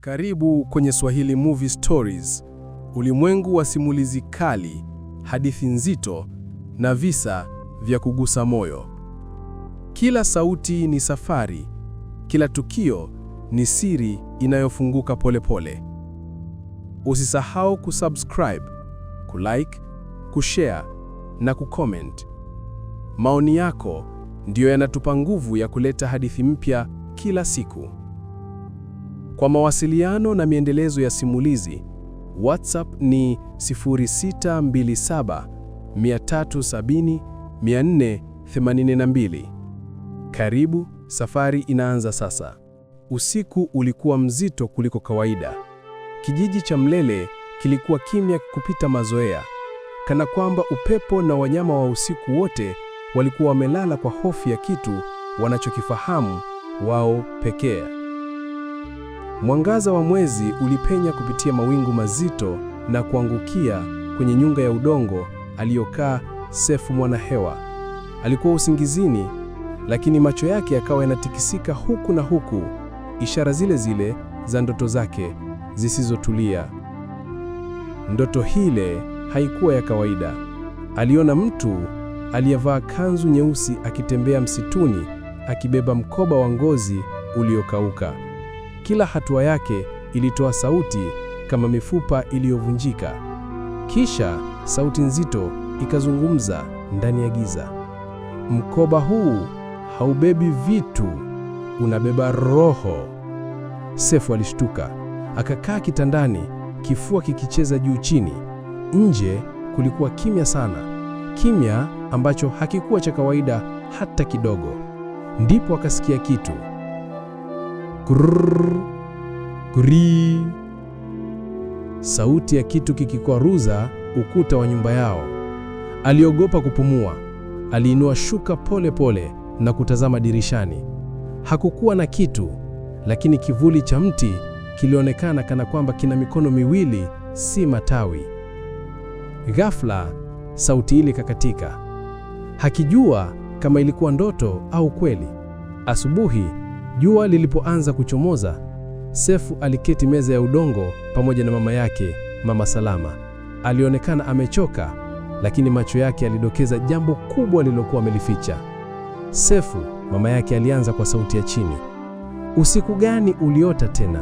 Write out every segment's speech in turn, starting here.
Karibu kwenye Swahili Movie Stories, ulimwengu wa simulizi kali, hadithi nzito na visa vya kugusa moyo. Kila sauti ni safari, kila tukio ni siri inayofunguka polepole pole. Usisahau kusubscribe, kulike, kushare na kucomment. Maoni yako ndiyo yanatupa nguvu ya kuleta hadithi mpya kila siku. Kwa mawasiliano na miendelezo ya simulizi, WhatsApp ni 0627 370 Karibu, safari inaanza sasa. Usiku ulikuwa mzito kuliko kawaida. Kijiji cha Mlele kilikuwa kimya kupita mazoea, kana kwamba upepo na wanyama wa usiku wote walikuwa wamelala kwa hofu ya kitu wanachokifahamu wao pekee. Mwangaza wa mwezi ulipenya kupitia mawingu mazito na kuangukia kwenye nyunga ya udongo aliyokaa Sefu Mwanahewa. Alikuwa usingizini, lakini macho yake yakawa yanatikisika huku na huku, ishara zile zile za ndoto zake zisizotulia. Ndoto hile haikuwa ya kawaida. Aliona mtu aliyevaa kanzu nyeusi akitembea msituni akibeba mkoba wa ngozi uliokauka. Kila hatua yake ilitoa sauti kama mifupa iliyovunjika. Kisha sauti nzito ikazungumza ndani ya giza, mkoba huu haubebi vitu, unabeba roho. Sefu alishtuka, akakaa kitandani, kifua kikicheza juu chini. Nje kulikuwa kimya sana, kimya ambacho hakikuwa cha kawaida hata kidogo. Ndipo akasikia kitu kurr, kuri, sauti ya kitu kikikwaruza ukuta wa nyumba yao. Aliogopa kupumua, aliinua shuka pole pole na kutazama dirishani. Hakukuwa na kitu, lakini kivuli cha mti kilionekana kana kwamba kina mikono miwili, si matawi. Ghafla sauti ile kakatika. Hakijua kama ilikuwa ndoto au kweli. Asubuhi Jua lilipoanza kuchomoza, Sefu aliketi meza ya udongo pamoja na mama yake, Mama Salama. Alionekana amechoka, lakini macho yake yalidokeza jambo kubwa lililokuwa amelificha. Sefu, mama yake, alianza kwa sauti ya chini, usiku gani uliota tena?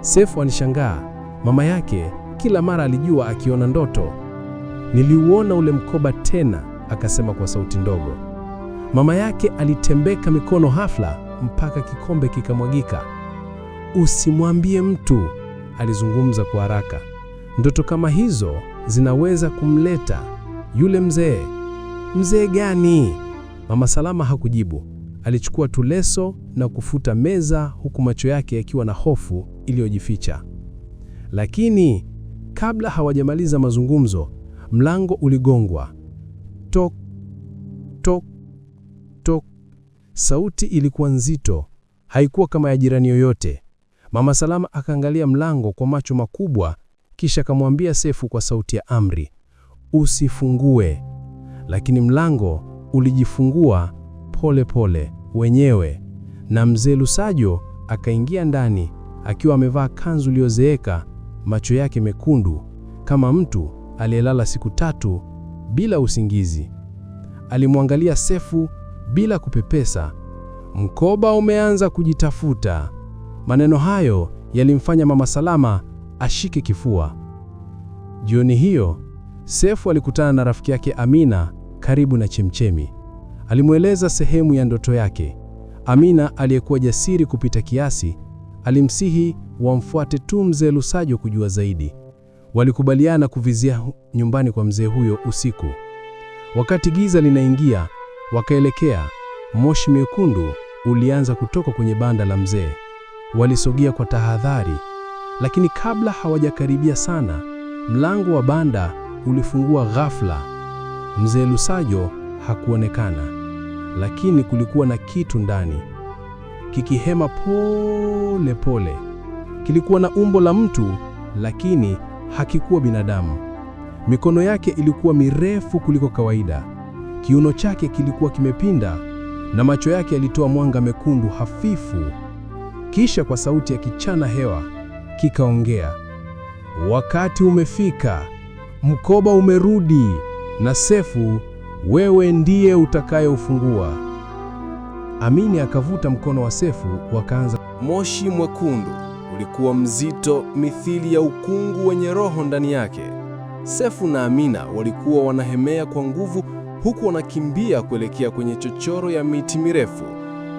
Sefu alishangaa, mama yake kila mara alijua akiona ndoto. Niliuona ule mkoba tena, akasema kwa sauti ndogo. Mama yake alitembeka mikono hafla mpaka kikombe kikamwagika. Usimwambie mtu, alizungumza kwa haraka. Ndoto kama hizo zinaweza kumleta yule mzee. Mzee gani? Mama Salama hakujibu. Alichukua tuleso na kufuta meza huku macho yake yakiwa na hofu iliyojificha. Lakini kabla hawajamaliza mazungumzo, mlango uligongwa. Tok tok tok. Sauti ilikuwa nzito, haikuwa kama ya jirani yoyote. Mama Salama akaangalia mlango kwa macho makubwa, kisha akamwambia Sefu kwa sauti ya amri, usifungue. Lakini mlango ulijifungua pole pole wenyewe, na mzee Lusajo akaingia ndani akiwa amevaa kanzu iliyozeeka, macho yake mekundu kama mtu aliyelala siku tatu bila usingizi. Alimwangalia Sefu bila kupepesa. Mkoba umeanza kujitafuta. Maneno hayo yalimfanya Mama Salama ashike kifua. Jioni hiyo, Sefu alikutana na rafiki yake Amina karibu na chemchemi. Alimweleza sehemu ya ndoto yake. Amina aliyekuwa jasiri kupita kiasi, alimsihi wamfuate tu mzee Lusajo kujua zaidi. Walikubaliana kuvizia nyumbani kwa mzee huyo usiku. Wakati giza linaingia, Wakaelekea. Moshi mwekundu ulianza kutoka kwenye banda la mzee. Walisogea kwa tahadhari, lakini kabla hawajakaribia sana, mlango wa banda ulifungua ghafla. Mzee Lusajo hakuonekana, lakini kulikuwa na kitu ndani kikihema pole pole. Kilikuwa na umbo la mtu, lakini hakikuwa binadamu. Mikono yake ilikuwa mirefu kuliko kawaida. Kiuno chake kilikuwa kimepinda na macho yake yalitoa mwanga mekundu hafifu. Kisha kwa sauti ya kichana hewa kikaongea, wakati umefika, mkoba umerudi, na Sefu wewe ndiye utakayeufungua. Amini akavuta mkono wa Sefu, wakaanza. Moshi mwekundu ulikuwa mzito mithili ya ukungu wenye roho ndani yake. Sefu na Amina walikuwa wanahemea kwa nguvu huku wanakimbia kuelekea kwenye chochoro ya miti mirefu.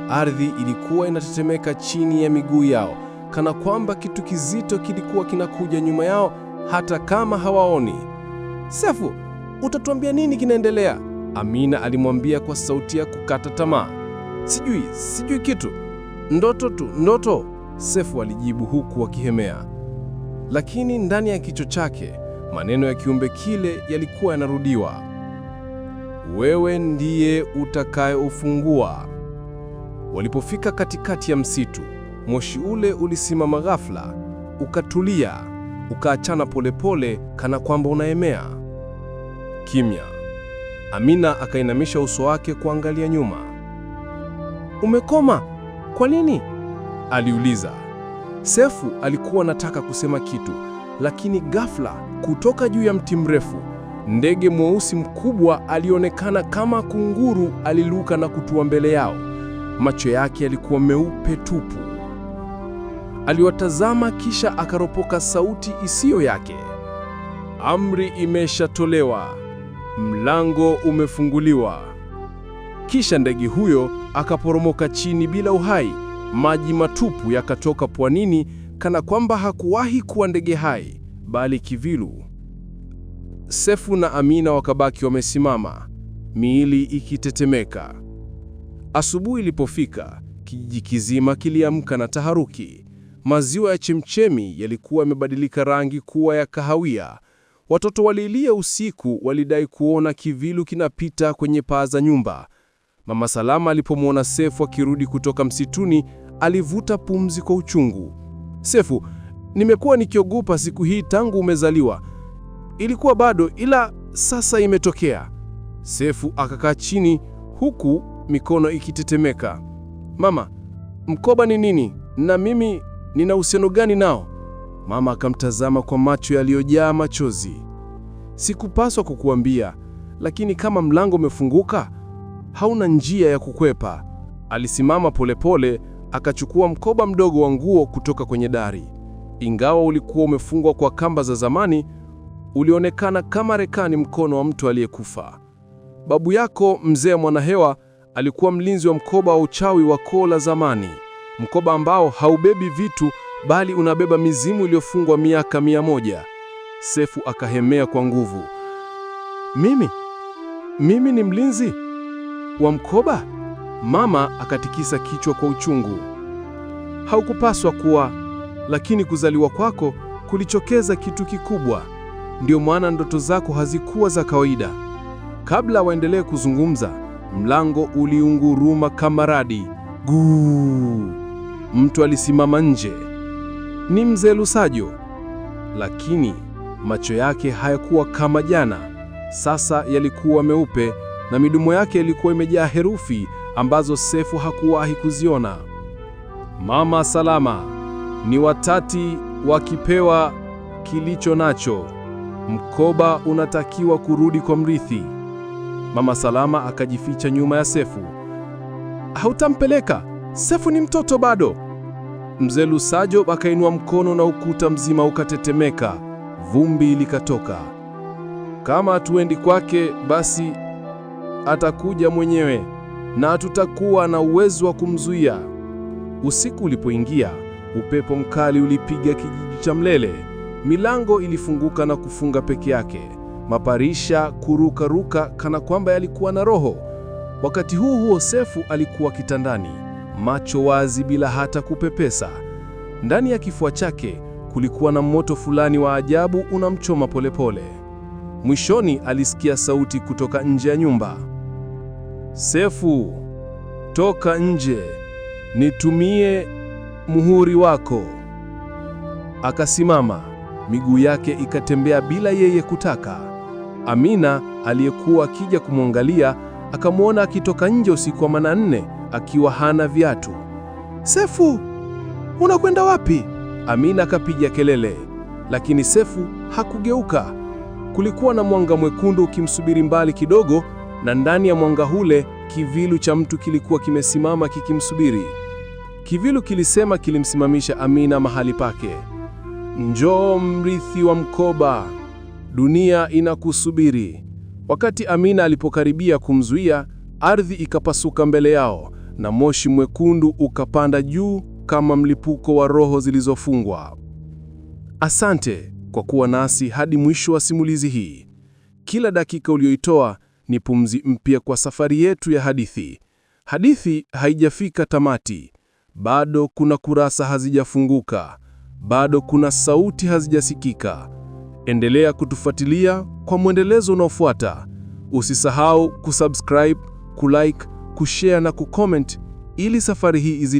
Ardhi ilikuwa inatetemeka chini ya miguu yao, kana kwamba kitu kizito kilikuwa kinakuja nyuma yao, hata kama hawaoni. Sefu, utatuambia nini kinaendelea? Amina alimwambia kwa sauti ya kukata tamaa. Sijui, sijui kitu, ndoto tu, ndoto, Sefu alijibu huku akihemea, lakini ndani ya kichwa chake maneno ya kiumbe kile yalikuwa yanarudiwa wewe ndiye utakayeufungua. Walipofika katikati ya msitu, moshi ule ulisimama ghafla, ukatulia, ukaachana polepole, kana kwamba unaemea. Kimya. Amina akainamisha uso wake kuangalia nyuma. Umekoma? Kwa nini? aliuliza. Sefu alikuwa anataka kusema kitu, lakini ghafla kutoka juu ya mti mrefu Ndege mweusi mkubwa alionekana kama kunguru, aliruka na kutua mbele yao. Macho yake yalikuwa meupe tupu. Aliwatazama kisha akaropoka sauti isiyo yake. Amri imeshatolewa. Mlango umefunguliwa. Kisha ndege huyo akaporomoka chini bila uhai. Maji matupu yakatoka pwanini kana kwamba hakuwahi kuwa ndege hai, bali kivilu. Sefu na Amina wakabaki wamesimama, miili ikitetemeka. Asubuhi ilipofika, kijiji kizima kiliamka na taharuki. Maziwa ya chemchemi yalikuwa yamebadilika rangi kuwa ya kahawia. Watoto walilia usiku, walidai kuona kivilu kinapita kwenye paa za nyumba. Mama Salama alipomwona Sefu akirudi kutoka msituni, alivuta pumzi kwa uchungu. Sefu, nimekuwa nikiogopa siku hii tangu umezaliwa ilikuwa bado, ila sasa imetokea. Sefu akakaa chini huku mikono ikitetemeka. Mama, mkoba ni nini? Na mimi nina uhusiano gani nao? Mama akamtazama kwa macho yaliyojaa machozi. Sikupaswa kukuambia, lakini kama mlango umefunguka, hauna njia ya kukwepa. Alisimama polepole pole, akachukua mkoba mdogo wa nguo kutoka kwenye dari. Ingawa ulikuwa umefungwa kwa kamba za zamani, ulionekana kama rekani mkono wa mtu aliyekufa. Babu yako mzee Mwanahewa alikuwa mlinzi wa mkoba wa uchawi wa koo la zamani, mkoba ambao haubebi vitu bali unabeba mizimu iliyofungwa miaka mia moja. Sefu akahemea kwa nguvu. Mimi mimi ni mlinzi wa mkoba? Mama akatikisa kichwa kwa uchungu. Haukupaswa kuwa, lakini kuzaliwa kwako kulichokeza kitu kikubwa ndio maana ndoto zako hazikuwa za kawaida. Kabla waendelee kuzungumza, mlango uliunguruma kama radi guu. Mtu alisimama nje, ni mzee Lusajo, lakini macho yake hayakuwa kama jana. Sasa yalikuwa meupe na midomo yake ilikuwa imejaa herufi ambazo Sefu hakuwahi kuziona. Mama Salama, ni watati wakipewa kilicho nacho. Mkoba unatakiwa kurudi kwa mrithi. Mama Salama akajificha nyuma ya Sefu. Hautampeleka, Sefu ni mtoto bado. Mzee Lusajo akainua mkono na ukuta mzima ukatetemeka, vumbi likatoka. Kama hatuendi kwake, basi atakuja mwenyewe na hatutakuwa na uwezo wa kumzuia. Usiku ulipoingia, upepo mkali ulipiga kijiji cha Mlele. Milango ilifunguka na kufunga peke yake, maparisha kurukaruka kana kwamba yalikuwa na roho. Wakati huu huo, Sefu alikuwa kitandani, macho wazi bila hata kupepesa. Ndani ya kifua chake kulikuwa na moto fulani wa ajabu unamchoma polepole. Mwishoni alisikia sauti kutoka nje ya nyumba, Sefu, toka nje, nitumie muhuri wako. Akasimama miguu yake ikatembea bila yeye kutaka. Amina aliyekuwa akija kumwangalia akamwona akitoka nje usiku wa manane akiwa hana viatu. Sefu, unakwenda wapi? Amina akapiga kelele, lakini Sefu hakugeuka. Kulikuwa na mwanga mwekundu ukimsubiri mbali kidogo, na ndani ya mwanga ule kivilu cha mtu kilikuwa kimesimama kikimsubiri. Kivilu kilisema kilimsimamisha Amina mahali pake. Njoo mrithi wa mkoba, dunia inakusubiri. Wakati Amina alipokaribia kumzuia, ardhi ikapasuka mbele yao na moshi mwekundu ukapanda juu kama mlipuko wa roho zilizofungwa. Asante kwa kuwa nasi hadi mwisho wa simulizi hii. Kila dakika uliyoitoa ni pumzi mpya kwa safari yetu ya hadithi. Hadithi haijafika tamati, bado kuna kurasa hazijafunguka bado kuna sauti hazijasikika. Endelea kutufuatilia kwa mwendelezo unaofuata. Usisahau kusubscribe, kulike, kushare na kucomment ili safari hii izidi